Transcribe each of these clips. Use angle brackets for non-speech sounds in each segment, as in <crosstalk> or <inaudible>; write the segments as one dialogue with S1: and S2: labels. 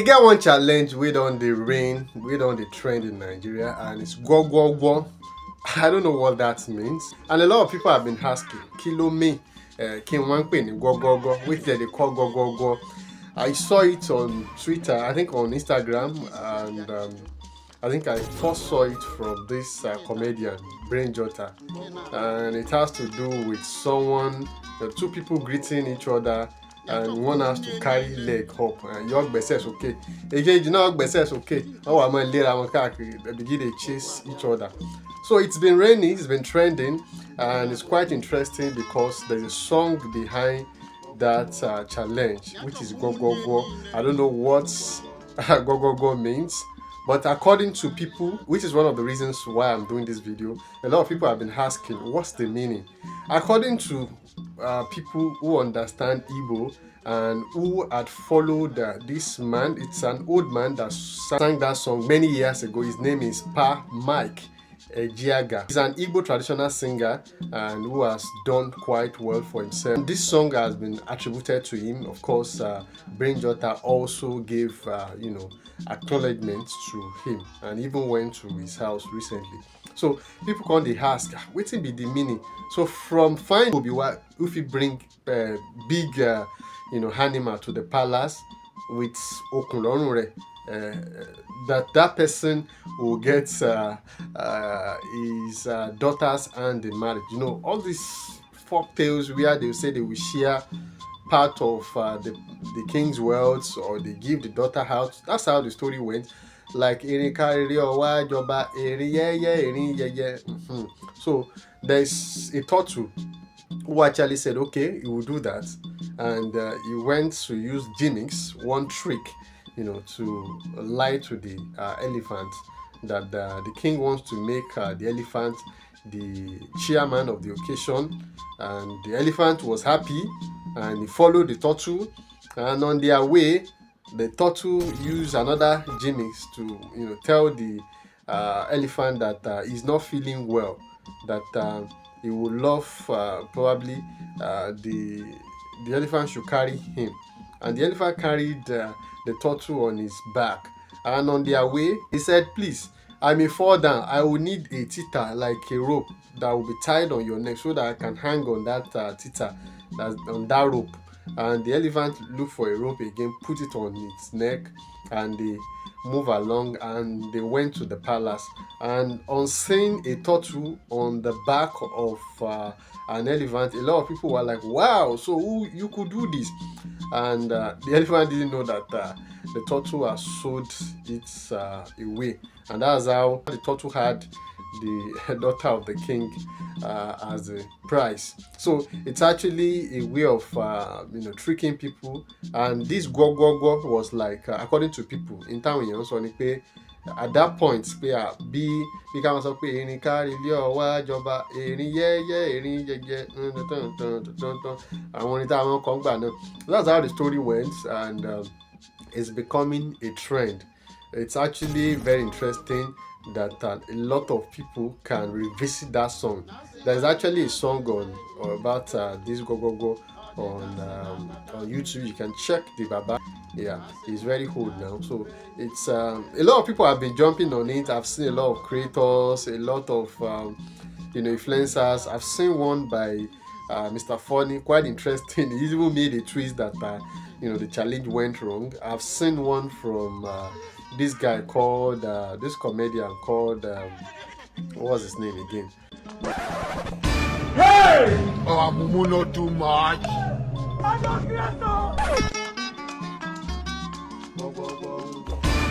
S1: e get one challenge wey don dey reign wey don dey trend in nigeria and it's gwogwogwo i don't know what that means and a lot of people have been asking kí me, mean uh, kí wọ́n ń pè ní gwogwogwo wetin dem dey call gwogwogwo i saw it on twitter i think on instagram and um, i think i first saw it from this uh, comedian brain jota and it has to do with someone uh, two people greeting each other and one has to carry leg up and okay? yọ gbẹ́sẹ̀ sókè èkejì náà gbẹ́sẹ̀ sókè wọ́n wà máa léra wọn káàkiri they begin to chase each other so it's been raining it's been trending and it's quite interesting because there's a song behind that uh, challenge which is Go. i don't know what uh, Go means but according to people which is one of the reasons why i'm doing this video a lot of people have been asking what's the meaning according to uh, people who understand Igbo and who had followed uh, this man. It's an old man that sang that song many years ago. His name is Pa Mike. Ejiaga. He's an Igbo traditional singer and who has done quite well for himself. And this song has been attributed to him. Of course, uh, Brain Jota also gave, uh, you know, acknowledgement to him and even went to his house recently. So people can they ask, ah, waiting be the meaning? So from fine will be what if you bring uh, big, uh, you know, animal to the palace with okulonure. Uh, that that person will get uh, uh, his daughters and the marriage. You know all these folk tales where they say they will share part of the the king's wealth or they give the daughter out. That's how the story went like erin kárírí ọwá jọba erin yẹ́yẹ́ erin yẹ́yẹ́ hmm. so there is a turtle who actually said okay he will do that and uh, he went to use gimmicks one trick you know to lie to the uh, elephant that uh, the king wants to make uh, the elephant the chairman of the occasion and the elephant was happy and he followed the turtle and on their way the turtle used another gimmick to you know tell the uh, elephant that uh, he's not feeling well that uh, he would love uh, probably uh, the the elephant should carry him and the elephant carried uh, the turtle on his back and on their way he said please i may fall down i will need a tita like a rope that will be tied on your neck so that i can hang on that tita on that rope and the elephant look for a rope again put it on its neck and they move along and they went to the palace and on seeing a turtle on the back of uh, an elephant a lot of people were like wow so who, you could do this and uh, the elephant didn't know that uh, the turtle had sold its uh, away and that's how the turtle had the <laughs> daughter of the king uh, as a price. So it's actually a way of uh, you know tricking people. And this go go go was like uh, according to people in town yẹn sọ ni pé at that point pé à bí bí káwọn sọ pé erin kárí ilé ọwọ́ àjọba erin yẹ́yẹ́ erin jẹjẹ àwọn orin tá àwọn kan gbà náà. That's how the story went and um, it's becoming a trend. It's actually very interesting. that uh, a lot of people can revisit that song. There's actually a song on about uh, this go go go on um, on YouTube. You can check the Baba. Yeah, it's very old now. So it's um, a lot of people have been jumping on it. I've seen a lot of creators, a lot of um, you know influencers. I've seen one by uh, Mr. Funny, quite interesting. <laughs> He even made a twist that uh, you know the challenge went wrong. I've seen one from uh, this guy called uh, this comedian called um, what was his name again? Hey! Oh, Mumu, not too much.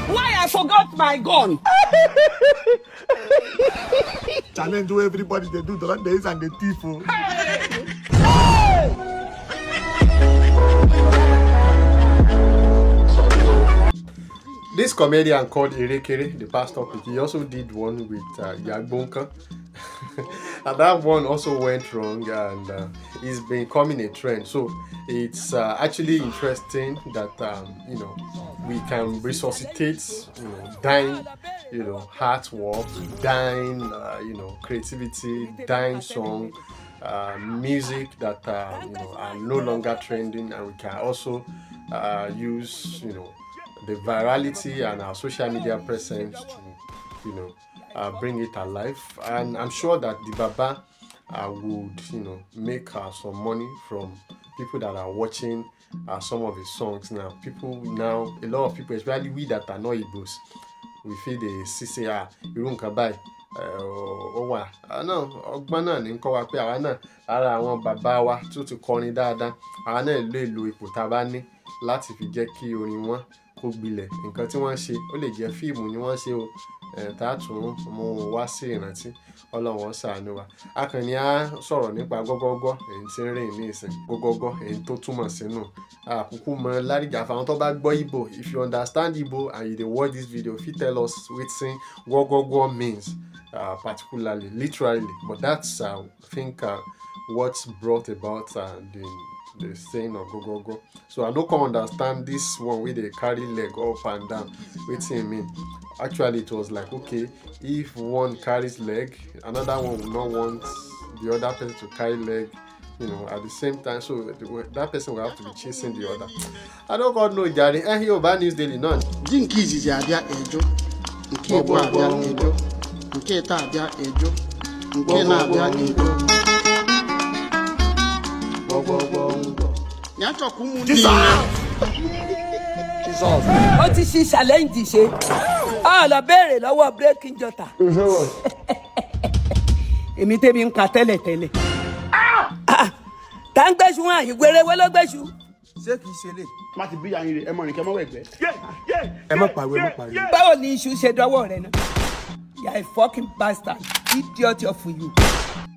S1: Why I forgot my gun? Challenge to everybody they do the days and the thief. Oh. This comedian called Irekere, the pastor, he also did one with uh, Yagbonka. <laughs> and that one also went wrong and uh, it's been coming a trend. So it's uh, actually interesting that, um, you know, we can resuscitate, you know, dying, you know, heart work, dying, uh, you know, creativity, dying song. Uh, music that uh, you know are no longer trending, and we can also uh, use you know the virality and our social media presence to, you know, uh, bring it alive. And I'm sure that the Baba uh, would, you know, make uh, some money from people that are watching uh, some of his songs now. People now, a lot of people, especially we that are not Igbos, we feel the see say, ah, irú nǹkan báyìí eh, ó wà ah, náà ọgbọ́n náà ní kọ́ wa pé àwa náà ara àwọn bàbá wa tó ti kọrin dáadáa àwa náà lè lo ipò tá a bá ní láti fi jẹ́ kí orin wọn kó gbilẹ̀ nǹkan tí wọ́n ṣe ó lè jẹ́ fíìmù ni wọ́n ṣe o tààtùn mú un wá sí ìrántí ọlọ́run ó ṣàánú wa akànnì á sọ̀rọ̀ nípa gọ́gọ́gọ́ èyí tí ń rìn ní ìsìn gọ́gọ́gọ́ èyí tó túmọ̀ sínú àkókò mọ lárìgà fáwọn tó bá gbọ́ Igbo if you understand ibo and you dey watch this video fit tell us wetin gọ́gọ́gọ́ means uh, particularly literally but that's uh, I think uh, what brought about uh, the the saying of go. so i no come understand this one wey dey carry leg up and down wetin e mean actually it was like okay if one carries leg another one will not want the other person to carry leg you know at the same time so that person will have to be chasing the other i don't god know jare eh bad news daily none. jí nke izizi ejo nke ibu abịa ejo nke ita abịa ejo nke na abịa ejo nyatọ̀kú mu ní iná. ó ti ṣe challenge ṣe ọ lọ béèrè lọ́wọ́ breaking jota <laughs> èmi tẹ́mi ń ka tẹ́lẹ̀tẹ́lẹ̀ ah, tá ń gbẹ́sù wọn àyè wéréwé ló gbẹ́sù. ṣé kìí ṣe lè má ti bí ayin rè ẹ mọ nìkan mọ wẹgbẹ. ẹ má pariwo ẹ má pariwo. báwo ni iṣu ṣe dọwọ́ rẹ náà you are a fucking bastard idiot of you.